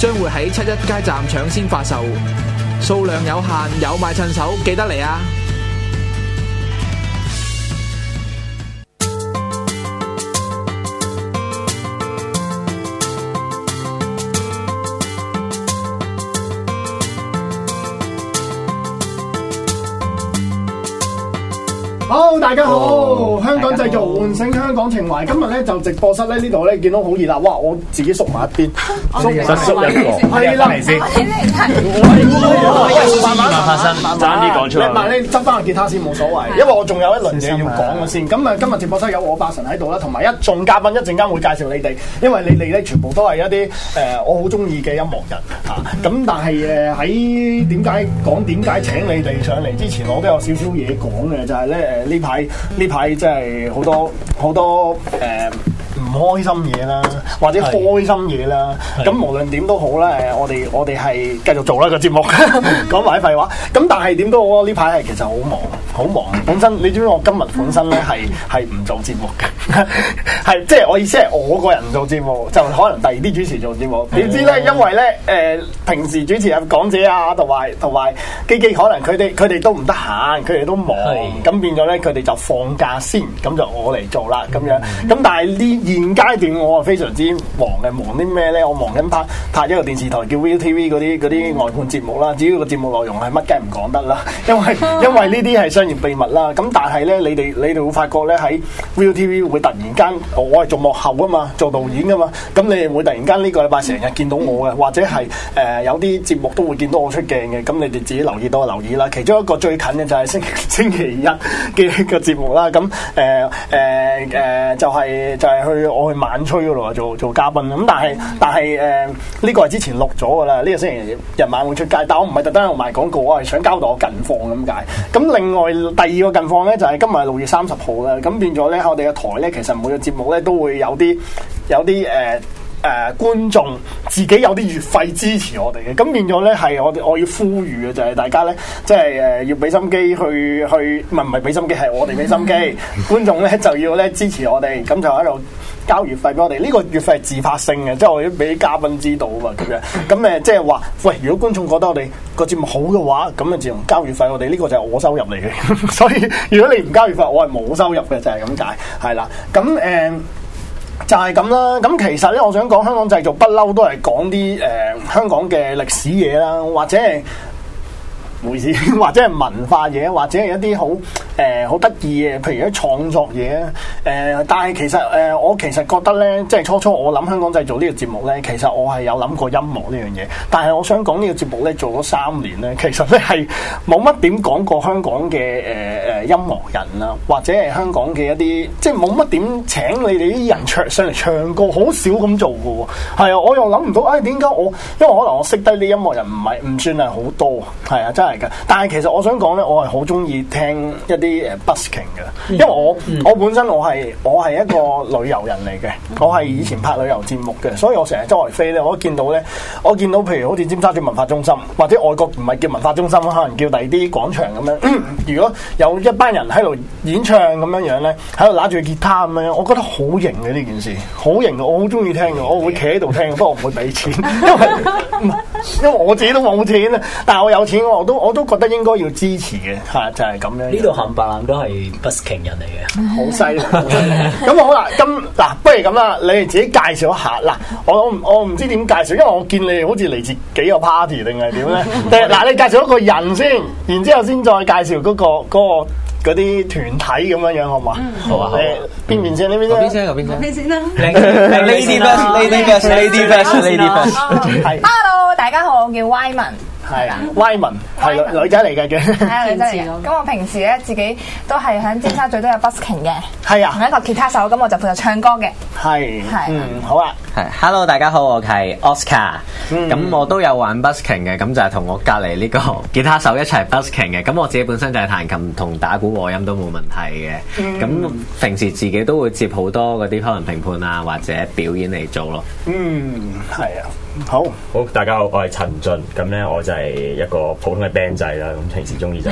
將會喺七一街站搶先發售，數量有限，有買趁手，記得嚟啊！大家好，香港製造，喚醒香港情懷。今日咧就直播室咧呢度咧見到好熱鬧，哇！我自己縮埋一邊，縮縮入嚟先。慢慢發生，慢慢啲講出嚟。慢啲執翻個吉他先，冇所謂。因為我仲有一輪嘢要講咗先。咁啊，今日直播室有我八神喺度啦，同埋一眾嘉賓，一陣間會介紹你哋。因為你哋咧全部都係一啲誒我好中意嘅音樂人嚇。咁但係誒喺點解講點解請你哋上嚟之前，我都有少少嘢講嘅，就係咧誒呢排。呢排即係好多好多誒，呃唔開心嘢啦，或者開心嘢啦，咁是無論點都好啦，誒，我哋我哋係繼續做啦、個節目，講埋啲廢話。咁但係點都好，呢排係其實好忙，好忙。 本身你知唔知我今日本身咧係係唔做節目嘅，係 即係我意思係我個人做節目，就是、可能第二啲主持做節目。點、嗯、知咧，因為咧誒、呃，平時主持人港姐啊，同埋同埋基基，可能佢哋佢哋都唔得閒，佢哋都忙，咁是變咗咧，佢哋就放假先，咁就我嚟做啦咁樣。咁、嗯、但係呢二。現階段我係非常之忙嘅，忙啲咩咧？我忙緊拍拍一個電視台叫 ViuTV 嗰啲嗰啲外判節目啦。至於個節目內容係乜嘅唔講得啦，因為因為呢啲係商業秘密啦。咁但係咧，你哋你哋會發覺咧喺 ViuTV 會突然間我係做幕後啊嘛，做導演噶嘛。咁你哋會突然間呢個禮拜成日見到我嘅，或者係誒、呃、有啲節目都會見到我出鏡嘅。咁你哋自己留意多留意啦。其中一個最近嘅就係星期星期一嘅個節目啦。咁誒誒誒就係、是、就係、是、去。我去晚吹嗰度做做嘉賓啦，咁但係但係誒呢個係之前錄咗噶啦，呢個星期日晚會出街，但我唔係特登賣廣告，我係想交代我近況咁解。咁另外第二個近況咧就係今日六月三十號啦，咁變咗咧我哋嘅台咧其實每個節目咧都會有啲有啲誒誒觀眾自己有啲月費支持我哋嘅，咁變咗咧係我哋我要呼籲嘅就係大家咧即係誒要俾心機去去，唔係唔係俾心機係我哋俾心機， 觀眾咧就要咧支持我哋，咁就喺度。交月費俾我哋，呢個月費係自發性嘅，即係我哋俾啲嘉賓知道啊嘛，咁樣咁誒，即係話喂，如果觀眾覺得我哋個節目好嘅話，咁啊自然交月費我哋，呢個就係我收入嚟嘅。所以如果你唔交月費，我係冇收入嘅，就係咁解，係啦。咁誒、呃，就係咁啦。咁其實咧，我想講香港製造不嬲都係講啲誒香港嘅歷史嘢啦，或者。回或者係文化嘢，或者係一啲好誒好得意嘅，譬如一啲創作嘢。誒、呃，但係其實誒、呃，我其實覺得咧，即係初初我諗香港製造呢個節目咧，其實我係有諗過音樂呢樣嘢。但係我想講呢個節目咧，做咗三年咧，其實咧係冇乜點講過香港嘅誒誒音樂人啊，或者係香港嘅一啲，即係冇乜點請你哋啲人唱上嚟唱歌，好少咁做嘅喎。係啊，我又諗唔到，誒點解我，因為可能我識得啲音樂人唔係唔算係好多，係啊，真係。但係其實我想講呢，我係好中意聽一啲誒 busking 嘅，因為我 mm. Mm. 我本身我係我係一個旅遊人嚟嘅，我係以前拍旅遊節目嘅，所以我成日周圍飛呢我都見到呢，我見到譬如好似尖沙咀文化中心或者外國唔係叫文化中心，可能叫第二啲廣場咁樣，如果有一班人喺度演唱咁樣樣呢，喺度揦住吉他咁樣，我覺得好型嘅呢件事，好型嘅，我好中意聽嘅，我會企喺度聽，不過我唔會俾錢，因為 因為我自己都冇錢啊，但係我有錢我都。我都覺得應該要支持嘅，係就係咁樣。呢度冚唪唥都係 Busking 人嚟嘅，好犀利。咁好啦，咁嗱，不如咁啦，你哋自己介紹一下啦。我我唔知點介紹，因為我見你好似嚟自幾個 party 定係點咧？嗱，你介紹一個人先，然之後先再介紹嗰個嗰啲團體咁樣樣，好嘛？好啊，邊邊先？呢邊先？邊先？邊先啦？Lady Lady first，Lady first，Lady first。Hello，大家好，我叫 Wyman 係，Lyman 係女的女仔嚟嘅，咁我平時咧自己都係喺尖沙咀都有 busking 嘅，係啊，同一個吉他手，咁我就負責唱歌嘅，係，係，嗯，好啊。Hello 大家好，我係 Oscar，咁我都有玩 busking 嘅，咁就係同我隔籬呢個吉他手一齊 busking 嘅，咁我自己本身就係彈琴同打鼓和音都冇問題嘅，咁平時自己都會接好多嗰啲可能評判啊或者表演嚟做咯，嗯，係啊，好，好，大家好，我係陳俊，咁咧我就係一個普通嘅 band 仔啦，咁平時中意就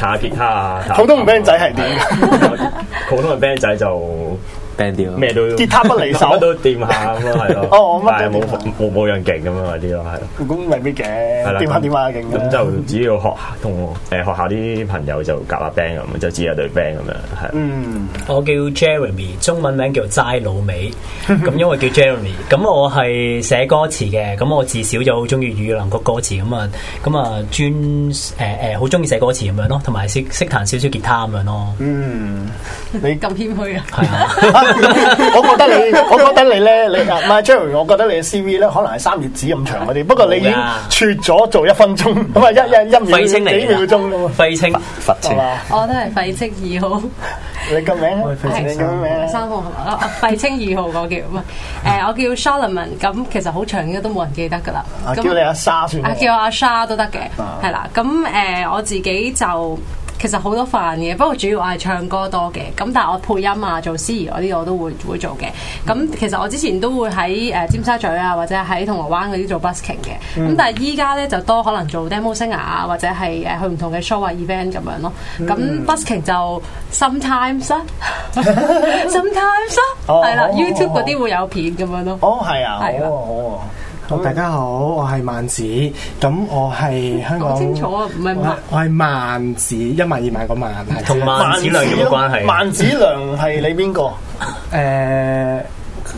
彈下吉他啊，普通嘅 band 仔係點？普通嘅 band 仔就。band 咩都吉他不離手，都掂下咁咯，係咯，但係冇冇冇人勁咁樣嗰啲咯，係。咁為咩嘅？掂下掂下勁。咁就只要學同誒學校啲朋友就夾下 band 咁，就自有一對 band 咁樣係。嗯，我叫 Jeremy，中文名叫齋老美。咁因為叫 Jeremy，咁我係寫歌詞嘅。咁我自小就好中意雨林個歌詞咁啊，咁啊專誒誒好中意寫歌詞咁樣咯，同埋識識彈少少吉他咁樣咯。嗯，你咁謙虛啊？係啊。我覺得你，我覺得你咧，你唔係 Jerry，我覺得你嘅 CV 咧，可能係三頁紙咁長嗰啲，不過你已經撮咗做一分鐘，咁啊一一一秒幾秒鐘咁啊，廢青十次，我都係費青二號。你個名？你個名？三號啊，費青二號，我叫，誒，我叫 Shaloman。咁其實好長嘅都冇人記得噶啦。叫你阿 Sa 算，叫阿 Sa 都得嘅，係啦。咁誒，我自己就。其實好多飯嘅，不過主要我係唱歌多嘅，咁但係我配音啊、做司儀嗰啲我都會會做嘅。咁其實我之前都會喺誒尖沙咀啊，或者喺銅鑼灣嗰啲做 busking 嘅。咁但係依家咧就多可能做 demo singer 啊，或者係誒去唔同嘅 show 啊、event 咁樣咯。咁 busking 就 sometimes 啦，sometimes 啦，係啦。YouTube 嗰啲會有片咁樣咯。哦，係啊，係啊。大家好，我係萬子，咁我係香港，清楚唔係我係萬子，一萬二萬個萬，同萬子良有關係。萬子良係你邊個？誒、呃，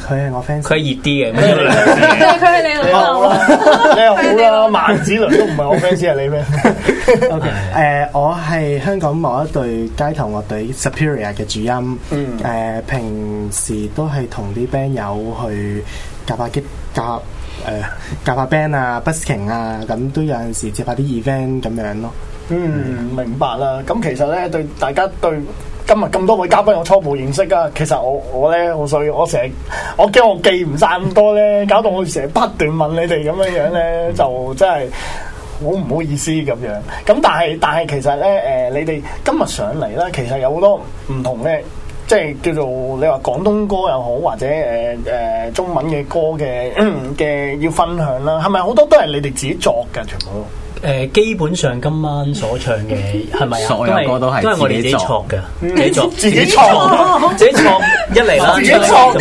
佢係我 fans，佢係熱啲嘅。佢係 你老豆好啦？萬子良都唔係我 fans 係 你咩？OK 誒，我係香港某一隊街頭樂隊 Superior 嘅主音，誒、呃，平時都係同啲 band 友去夾下機夾。誒，夾下 band 啊，busking 啊，咁都有陣時接下啲 event 咁樣咯。嗯，明白啦。咁其實咧，對大家對今日咁多位嘉賓，有初步認識啊。其實我我咧，我所以我，我成日我驚我記唔晒，咁多咧，搞到我成日不斷問你哋咁樣樣咧，就真係好唔好意思咁樣。咁但係但係，其實咧，誒、呃，你哋今日上嚟啦，其實有好多唔同嘅。即係叫做你話廣東歌又好，或者誒誒、呃呃、中文嘅歌嘅嘅要分享啦，係咪好多都係你哋自己作嘅全部？誒基本上今晚所唱嘅係咪啊？所有歌都係都係我哋自己作嘅， 自己作自己作，自己作一嚟啦。自己作，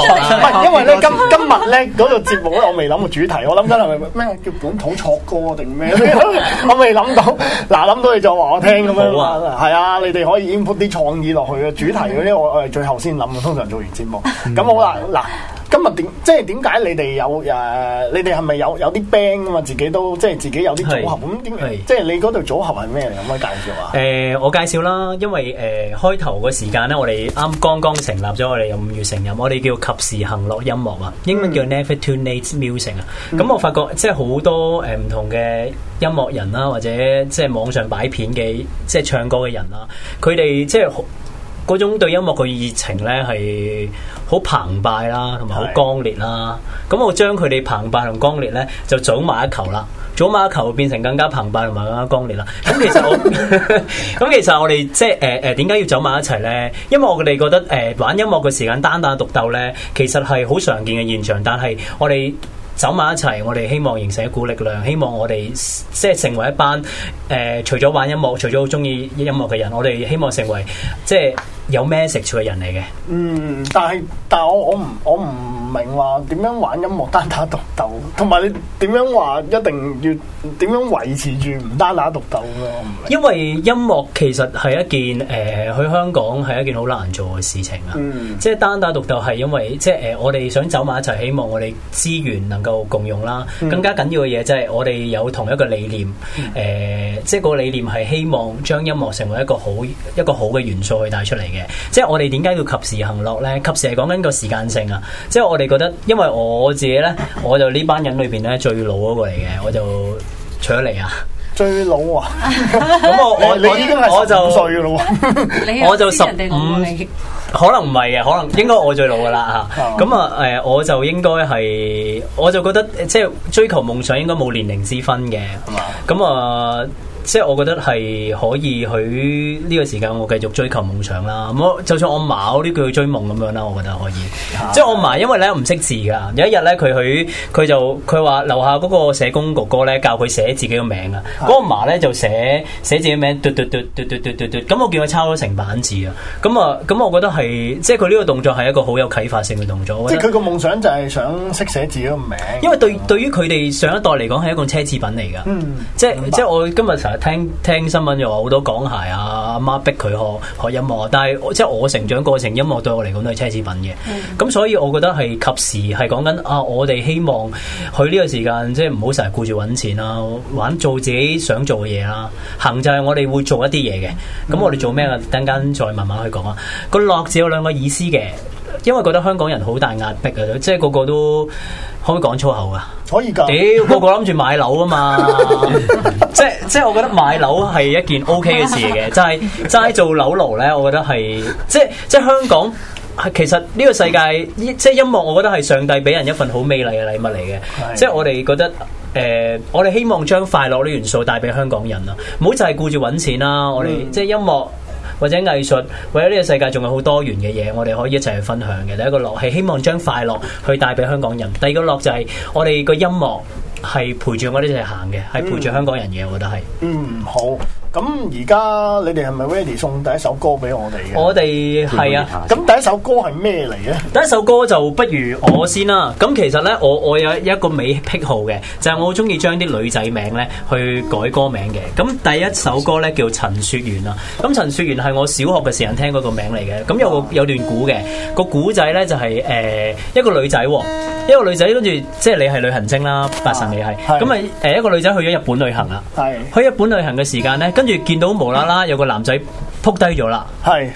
自因為咧今今日咧嗰度節目咧，我未諗個主題，我諗緊係咪咩叫本土創歌定咩？ 我未諗到，嗱 諗到你就話我聽咁樣啦。係 啊，你哋可以 i n p 啲創意落去嘅主題嗰啲我我係最後先諗嘅，通常做完節目咁 好啦嗱。今日點即係點解你哋有誒、啊？你哋係咪有有啲 band 啊？嘛，自己都即係自己有啲組合咁點？即係你嗰度組合係咩嚟咁啊？介紹啊！誒、呃，我介紹啦，因為誒、呃、開頭個時間咧，我哋啱剛剛成立咗，我哋有五月成立，我哋叫及時行樂音樂啊，英文叫 Never Too Late Music 啊。咁、嗯嗯、我發覺即係好多誒唔同嘅音樂人啦，或者即係網上擺片嘅即係唱歌嘅人啦，佢哋即係好。嗰種對音樂嘅熱情呢，係好澎湃啦，同埋好剛烈啦。咁是的 我將佢哋澎湃同剛烈呢，就組埋一球啦，組埋一球變成更加澎湃同埋更加剛烈啦。咁其實我咁 其實我哋即係誒誒點解要走埋一齊呢？因為我哋覺得誒、呃、玩音樂嘅時間單打獨鬥呢，其實係好常見嘅現象。但係我哋。走埋一齊，我哋希望形成一股力量。希望我哋即係成為一班誒、呃，除咗玩音樂，除咗好鍾意音樂嘅人，我哋希望成為即係，有 message 嘅人嚟嘅？嗯，但係但係我我唔我唔明話點樣玩音樂單打獨鬥，同埋你點樣話一定要點樣維持住唔單打獨鬥咯，因為音樂其實係一件誒、呃、去香港係一件好難做嘅事情啊。嗯，即係單打獨鬥係因為即係誒我哋想走埋一齊，希望我哋資源能夠共用啦。更加緊要嘅嘢即係我哋有同一個理念。誒即係個理念係希望將音樂成為一個好一個好嘅元素去帶出嚟嘅。即係我哋點解要及時行樂咧？及時係講緊個時間性啊！即係我哋覺得，因為我自己咧，我就呢班人裏邊咧最老嗰個嚟嘅，我就除咗你啊！最老啊！咁 我我 我，我就五歲噶咯，我就十五，可能唔係嘅， 可能應該我最老噶啦吓。咁啊、哦，誒、呃，我就應該係，我就覺得即係追求夢想應該冇年齡之分嘅，係嘛、嗯？咁啊、 嗯。即係我覺得係可以喺呢個時間，我繼續追求夢想啦。咁就算我冇呢句去追夢咁樣啦，我覺得可以。即係我嫲因為咧唔識字㗎。有一日咧，佢佢就佢話樓下嗰個社工哥哥咧教佢寫自己個名啊。嗰個嫲咧就寫寫自己名，嘟嘟嘟嘟嘟嘟嘟嘟。咁我見佢抄咗成版字啊。咁啊咁，我覺得係即係佢呢個動作係一個好有啟發性嘅動作。即係佢個夢想就係想識寫自己個名。因為對對於佢哋上一代嚟講係一個奢侈品嚟㗎。即係即係我今日聽聽新聞又話好多港孩啊，阿媽逼佢學學音樂，但係即係我成長過程，音樂對我嚟講都係奢侈品嘅。咁、嗯、所以我覺得係及時係講緊啊，我哋希望佢呢個時間即係唔好成日顧住揾錢啊，玩做自己想做嘅嘢啊，行就係我哋會做一啲嘢嘅。咁我哋做咩啊？等陣再慢慢去講啊。個樂字有兩個意思嘅。因為覺得香港人好大壓迫啊，即係個個都可唔可以講粗口啊？可以屌、欸、個個諗住買樓啊嘛！ 即係即係、OK 就是，我覺得買樓係一件 O K 嘅事嘅，就係齋做樓奴咧。我覺得係即係即係香港，其實呢個世界即係音樂，我覺得係上帝俾人一份好美麗嘅禮物嚟嘅。是的 即係我哋覺得誒、呃，我哋希望將快樂啲元素帶俾香港人啊！唔好就係顧住搵錢啦，我哋、嗯、即係音樂。或者藝術，或者呢個世界仲有好多元嘅嘢，我哋可以一齊去分享嘅。第一個樂係希望將快樂去帶俾香港人，第二個樂就係我哋個音樂係陪住我哋一齊行嘅，係、嗯、陪住香港人嘅，我覺得係、嗯。嗯，好。咁而家你哋係咪 ready 送第一首歌俾我哋嘅？我哋係啊，咁第一首歌係咩嚟嘅？第一首歌就不如我先啦。咁其實咧，我我有一個美癖好嘅，就係、是、我好中意將啲女仔名咧去改歌名嘅。咁第一首歌咧叫陳雪緣啊。咁陳雪緣係我小學嘅時候聽嗰個名嚟嘅。咁有個有段古嘅、個古仔咧，就係誒一個女仔，一個女仔跟住即係你係旅行精啦，八神你係咁啊。誒、呃、一個女仔去咗日本旅行啦，是去日本旅行嘅時間咧。跟住見到無啦啦有個男仔撲低咗啦，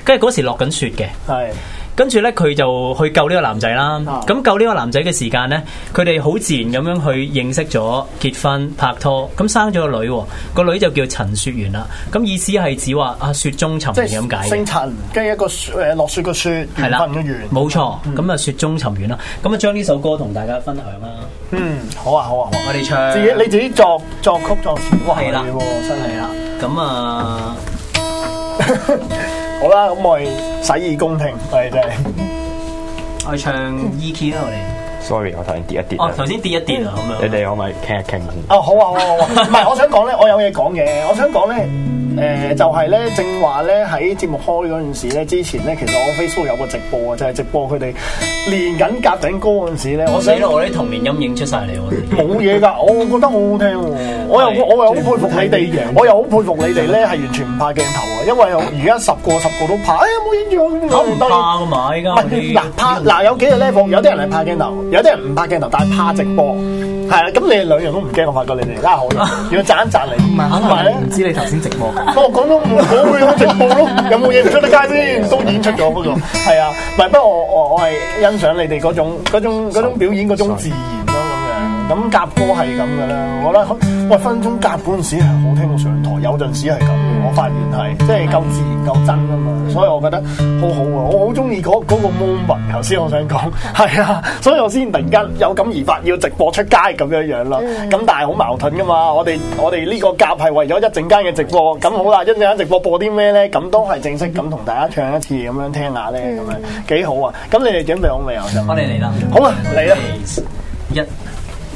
跟住嗰時落緊雪嘅。 跟住咧，佢就去救呢個男仔啦。咁、啊、救呢個男仔嘅時間咧，佢哋好自然咁樣去認識咗，結婚拍拖，咁生咗個女，個女就叫陳雪緣啦。咁意思係指話阿雪中尋緣，即係咁解。姓陳，跟住一個雪，誒落雪個雪，緣分嘅緣，冇錯。咁啊，嗯、就雪中尋緣啦。咁啊，將呢首歌同大家分享啦。嗯，好啊，好啊，好啊，我哋唱。自己你自己作作曲作詞，哇，係啦的，真係啦。咁啊。嗯 好啦，咁我係洗耳恭聽，係定？我唱 E Q 啦，我哋。Sorry，我頭先跌一跌。哦，頭先跌一跌啊，咁樣。你哋可唔可以傾一傾先？哦，好啊，好啊，唔係、啊啊， 我想講咧，我有嘢講嘅，我想講咧。誒，就係咧，正話咧喺節目開嗰陣時咧，之前咧，其實我 Facebook 有個直播啊，就係直播佢哋練緊夾頂歌嗰陣時咧，我睇到我啲童年陰影出晒嚟，冇嘢噶，我覺得好好聽，我又我又好佩服你哋，我又好佩服你哋咧，係完全唔怕鏡頭啊，因為而家十個十個都怕，哎呀冇影住我，我唔得喇，我唔怕我唔怕，嗱有幾隻 level，有啲人係怕鏡頭，有啲人唔怕鏡頭，但係怕直播。係啊，咁你兩樣都唔驚，我發覺你哋而家可以，要賺一賺你。唔、嗯、係，可能唔知道你頭先寂寞。我講到我會好寂寞咯，有冇嘢唔出得街先都演出咗、嗰個，不過係啊，唔係 不過我我我係欣賞你哋嗰種嗰種嗰種表演嗰種自然。咁夾歌係咁噶啦，我覺得喂，分分鐘夾陣時，好聽到上台有陣時係咁，我發現係即係夠自然、夠真啊嘛，所以我覺得好好啊。我好中意嗰嗰個、那個、moment，頭先我想講係啊，所以我先突然間有感而發，要直播出街咁樣樣咯。咁但係好矛盾噶嘛，我哋我哋呢個夾係為咗一陣間嘅直播，咁好啦，一陣間直播播啲咩咧？咁都係正式咁同大家唱一次，咁樣聽下咧，咁樣幾好啊。咁你哋準備好未啊？我哋嚟啦，好啊，嚟啦 OK, 吧，一。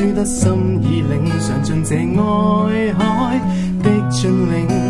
輸得心已領，嚐盡這愛海的峻嶺。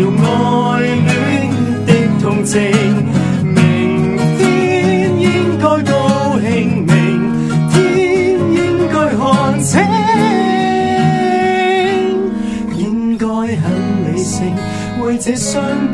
用愛戀的同情，明天應該高興，明天應該看清，應該很理性，為這傷。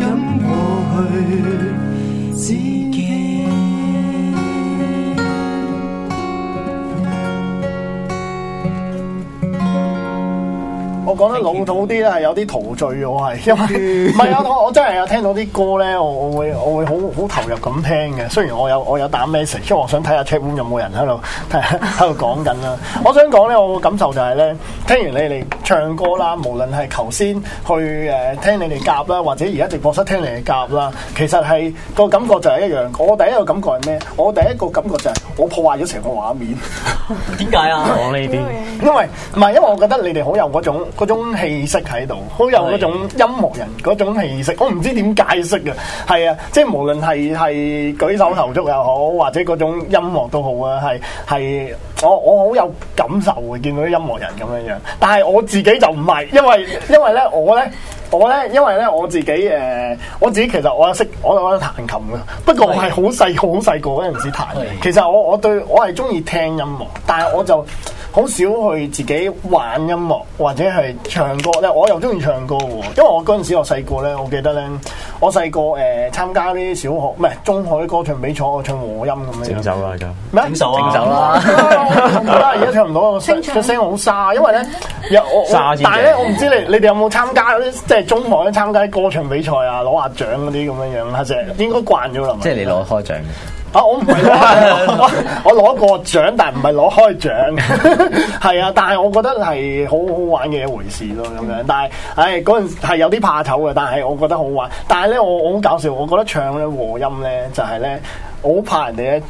講得老土啲咧，係有啲陶醉我係，因為唔係啊，我真係有聽到啲歌咧，我我會我會好好投入咁聽嘅。雖然我有我有打 message，因為我想睇下 chat room 有冇人喺度喺喺度講緊啦。我想講咧，我嘅感受就係、是、咧，聽完你哋。你唱歌啦，無論係頭先去誒聽你哋夾啦，或者而家直播室聽你哋夾啦，其實係個感覺就係一樣。我第一個感覺係咩？我第一個感覺就係我破壞咗成個畫面。點解啊？講呢啲，因為唔係， 因為我覺得你哋好有嗰種嗰種氣息喺度，好有嗰種音樂人嗰種氣息。我唔知點解釋啊，係啊，即係無論係係舉手投足又好，或者嗰種音樂都好啊，係係我我好有感受嘅，見到啲音樂人咁樣樣，但係我。自己就唔係，因為因為咧，我咧，我咧，因為咧，我咧，因為我自己誒、呃，我自己其實我識，我我彈琴嘅，不過我係好細好細個嗰陣時彈。其實我我對我係鍾意聽音樂，但係我就，好少去自己玩音樂或者係唱歌咧，我又中意唱歌喎。因為我嗰陣時我細個咧，我記得咧，我細個誒參加啲小學唔係中學啲歌唱比賽，我唱和音咁樣。停手啦，而家，咩啊，停手啊，停手啦！而家唱唔到啊，個聲好沙，因為咧有我啲。但係咧，我唔知你你哋有冇參加嗰啲即係中學參加歌唱比賽啊，攞下獎嗰啲咁樣樣啊，謝應該慣咗啦。即係你攞開獎嘅。啊！我唔係 我攞過獎，但係唔係攞開獎，係 啊！但係我覺得係好好玩嘅一回事咯，咁樣。但係，唉、哎，嗰陣係有啲怕醜嘅，但係我覺得好玩。但係咧，我我好搞笑，我覺得唱咧和音咧就係、是、咧，我好怕人哋咧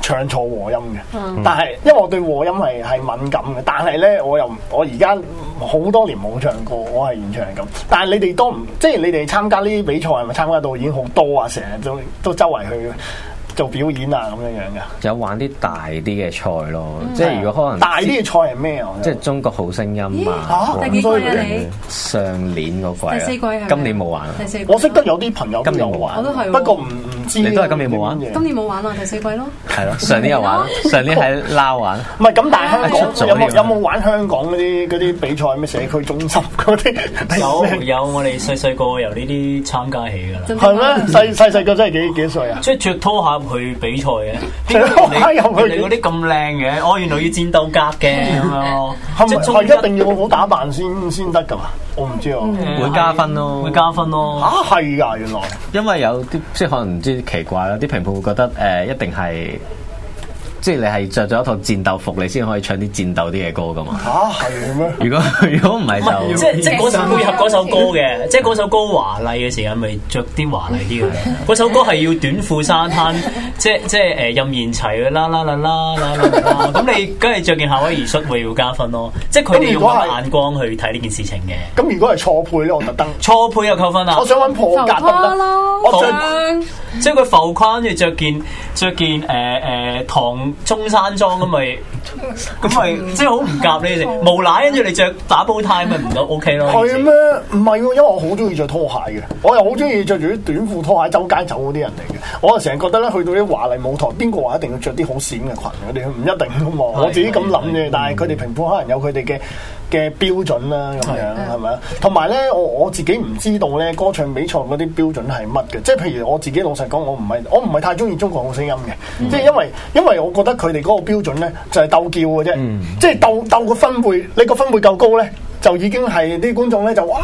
唱錯和音嘅。嗯、但係，因為我對和音係係敏感嘅，但係咧，我又我而家好多年冇唱過，我係完全係咁。但係你哋都唔即係你哋參加呢啲比賽係咪參加到已經好多啊？成日都都周圍去嘅。做表演啊咁樣樣嘅，有玩啲大啲嘅賽咯，即係如果可能大啲嘅賽係咩？即係中國好聲音啊！上年嗰季，第四季係今年冇玩。第四季我識得有啲朋友今年冇玩，我都係喎。不過唔唔知，你都係今年冇玩嘅。今年冇玩啊！第四季咯，係咯，上年又玩，上年喺撈玩。唔係咁，但係香港有冇有冇玩香港嗰啲啲比賽咩？社區中心嗰啲有有，我哋細細個由呢啲參加起㗎啦。係咩？細細細個真係幾幾歲啊？即係著拖鞋。去比賽嘅，你你嗰啲咁靚嘅？哦，原來要戰鬥格嘅咁樣， 係咪即係一,一定要好好打扮先先得㗎嘛？我唔知啊，嗯嗯、會加分咯，會加分咯。嚇係呀，原來因為有啲即係可能唔知奇怪啦，啲評判會覺得誒一定係。啊。即係你係着咗一套戰鬥服，你先可以唱啲戰鬥啲嘅歌噶嘛？嚇係咩？如果如果唔係就即即嗰陣配合嗰首歌嘅，即嗰首歌華麗嘅時間，咪着啲華麗啲嘅。嗰首歌係要短褲沙灘，即即誒任賢齊嘅啦啦啦啦啦啦啦。咁你梗係着件夏威夷恤會要加分咯。即佢哋用乜眼光去睇呢件事情嘅？咁如果係錯配我特登錯配又扣分啦。我想揾破格得啦，我想即佢浮誇，要着件着件誒誒唐中山裝咁咪，咁咪即係好唔夾呢？ 無，你無賴跟住你着打煲呔咪唔到 OK 咯？係咩嗎？唔係，因為我好中意着拖鞋嘅，我又好中意着住啲短褲拖鞋周街走嗰啲人嚟嘅，我就成日覺得咧，去到啲華麗舞台，邊個話一定要着啲好閃嘅裙嗰啲？唔一定噶嘛， 我自己咁諗嘅， 但係佢哋評判可能有佢哋嘅。嘅標準啦，咁樣係咪啊？同埋咧，我我自己唔知道咧歌唱比賽嗰啲標準係乜嘅，即係譬如我自己老實講，我唔係我唔係太中意中國好聲音嘅，嗯、即係因為因為我覺得佢哋嗰個標準咧就係、是、鬥叫嘅啫，嗯、即係鬥鬥個分貝你個分貝夠高咧。就已經係啲觀眾咧就哇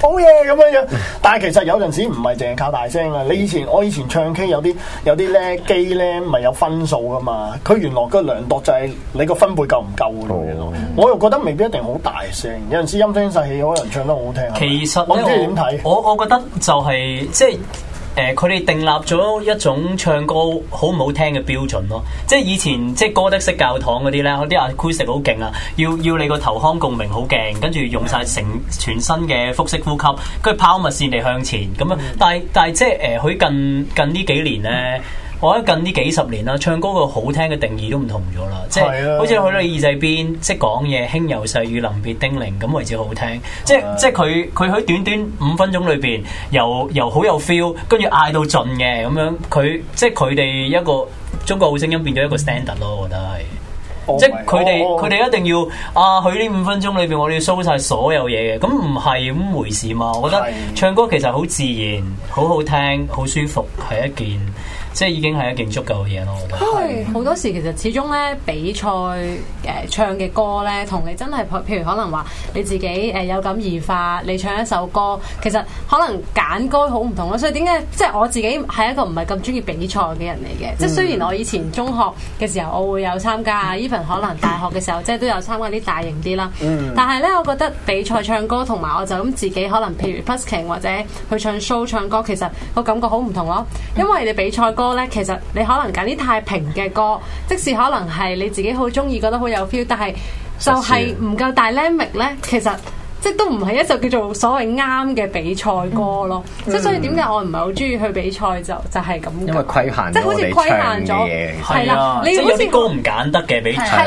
好嘢咁樣樣，但係其實有陣時唔係淨係靠大聲啊！你以前、嗯、我以前唱 K 有啲有啲咧機咧，咪有分數噶嘛？佢原來個量度就係你個分貝夠唔夠嘅喎。嗯、我又覺得未必一定好大聲，有陣時陰聲細氣，可能唱得好好聽啊。其實咧，我我，麼我，我覺得就係即係。就係誒佢哋定立咗一種唱歌好唔好聽嘅標準咯，即係以前即係歌德式教堂嗰啲咧，啲阿 q u i x i 好勁啊！要要你個頭腔共鳴好勁，跟住用晒成全身嘅腹式呼吸，佢拋物線嚟向前咁樣，但係但係即係誒佢近近呢幾年咧。嗯我喺近呢幾十年啦，唱歌嘅好聽嘅定義都唔同咗啦，即係是、啊、好似去到耳仔邊，即係講嘢輕柔細語臨別叮嚀咁為止好聽，是啊、即係即係佢佢喺短短五分鐘裏邊，由由好有 feel，跟住嗌到盡嘅咁樣，佢即係佢哋一個中國好聲音變咗一個 standard 咯，我覺得係，oh、my 即係佢哋佢哋一定要啊，佢呢五分鐘裏邊我哋要 show 晒所有嘢嘅，咁唔係咁回事嘛，我覺得唱歌其實好自然，好好聽，好舒服係一件。即係已經係一件足夠嘅嘢咯。係好 多時其實始終咧比賽誒、呃、唱嘅歌咧，同你真係譬如可能話你自己誒有感而發，你唱一首歌，其實可能揀歌好唔同咯。所以點解即係我自己係一個唔係咁中意比賽嘅人嚟嘅？即係雖然我以前中學嘅時候我會有參加 even 可能大學嘅時候即係都有參加啲大型啲啦。但係咧，我覺得比賽唱歌同埋我就咁自己可能譬如 busking 或者去唱 show 唱歌，其實個感覺好唔同咯。因為你比賽。歌咧，其實你可能揀啲太平嘅歌，即使可能係你自己好鍾意，覺得好有 feel，但係就係唔夠 dynamic 咧，其實。即都唔係一隻叫做所謂啱嘅比賽歌咯，即係所以點解我唔係好中意去比賽就就係咁。因為規限，即好似規限咗係啦，你有啲歌唔揀得嘅比賽，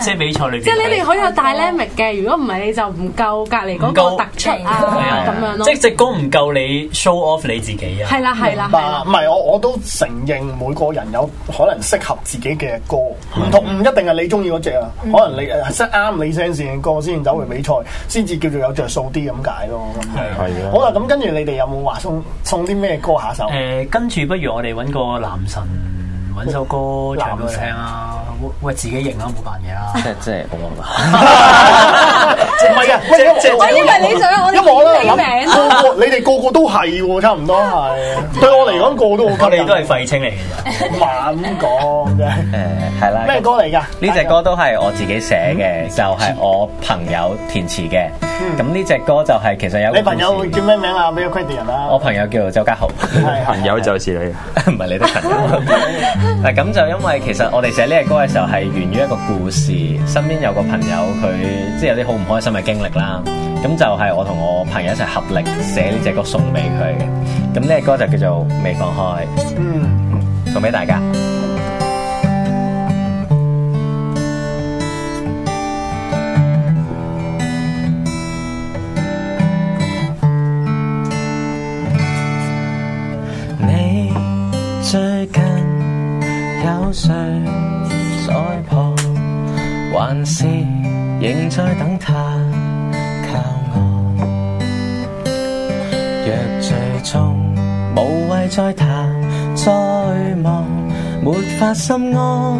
即係比賽裏邊。即係你哋好有 dynamic 嘅，如果唔係你就唔夠隔籬嗰個突出啊咁樣咯，即係隻歌唔夠你 show off 你自己啊。係啦係啦唔係，我我都承認每個人有可能適合自己嘅歌，唔同唔一定係你中意嗰隻啊，可能你誒啱你聲線嘅歌先走去比賽先至叫做。有著數啲咁解咯，係啊。好啦，咁跟住你哋有冇話送送啲咩歌下手？誒，跟住不如我哋搵個男神，搵首歌唱俾佢聽啦。喂，自己認啦，冇扮嘢啦，即係即係咁啊嘛。唔係啊，即係即係你想啊。因為我都諗個個，你哋個個都係差唔多係。對我嚟講個個都好，你都係廢青嚟嘅。猛講啫。誒，係啦。咩歌嚟噶？呢隻歌都係我自己寫嘅，就係我朋友填詞嘅。咁呢隻歌就係，其實有個，你朋友叫咩名啊？俾個 credit 人啦、啊。我朋友叫周家豪， 朋友就是你，唔係 你的朋友。嗱，咁就因為其實我哋寫呢隻歌嘅時候係源於一個故事，身邊有個朋友佢即係有啲好唔開心嘅經歷啦。咁就係我同我朋友一齊合力寫呢隻歌送俾佢嘅。咁呢隻歌就叫做《未放開》，嗯，送俾大家。最近有誰在旁？還是仍在等他靠岸？若最終無謂再談再望，沒法心安，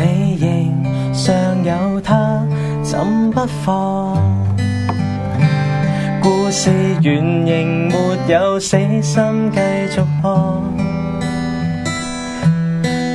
你仍尚有他，怎不放？故事完仍沒有死心，繼續播。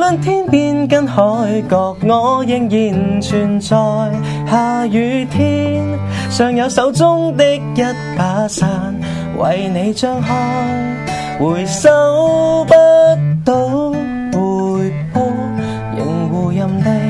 無論天邊跟海角，我仍然存在。下雨天尚有手中的一把傘為你張開，回收不到回報，仍護任地。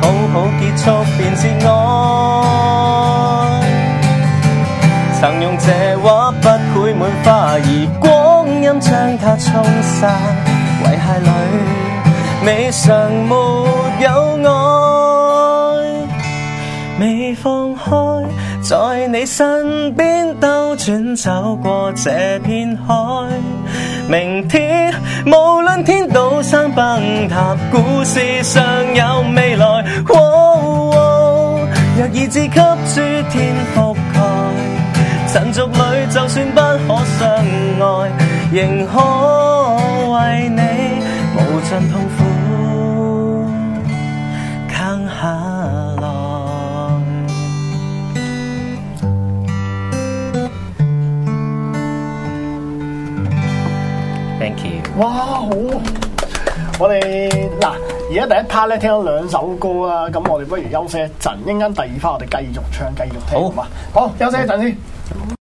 好好結束便是愛，曾用這畫筆繪滿花兒，光陰將它沖散，遺骸裏未嘗沒有愛，未放開，在你身邊兜轉走過這片海。明天，無論天倒山崩塌，故事尚有未來。來、哦哦。若意志給諸天覆蓋，塵俗裏就算不可相愛，仍可為你無盡痛苦。哇，好、啊！我哋嗱，而家第一 part 咧，聽咗兩首歌啦，咁我哋不如休息一陣，一陣間第二 part 我哋繼續唱、繼續聽，好嘛？好，休息一陣先。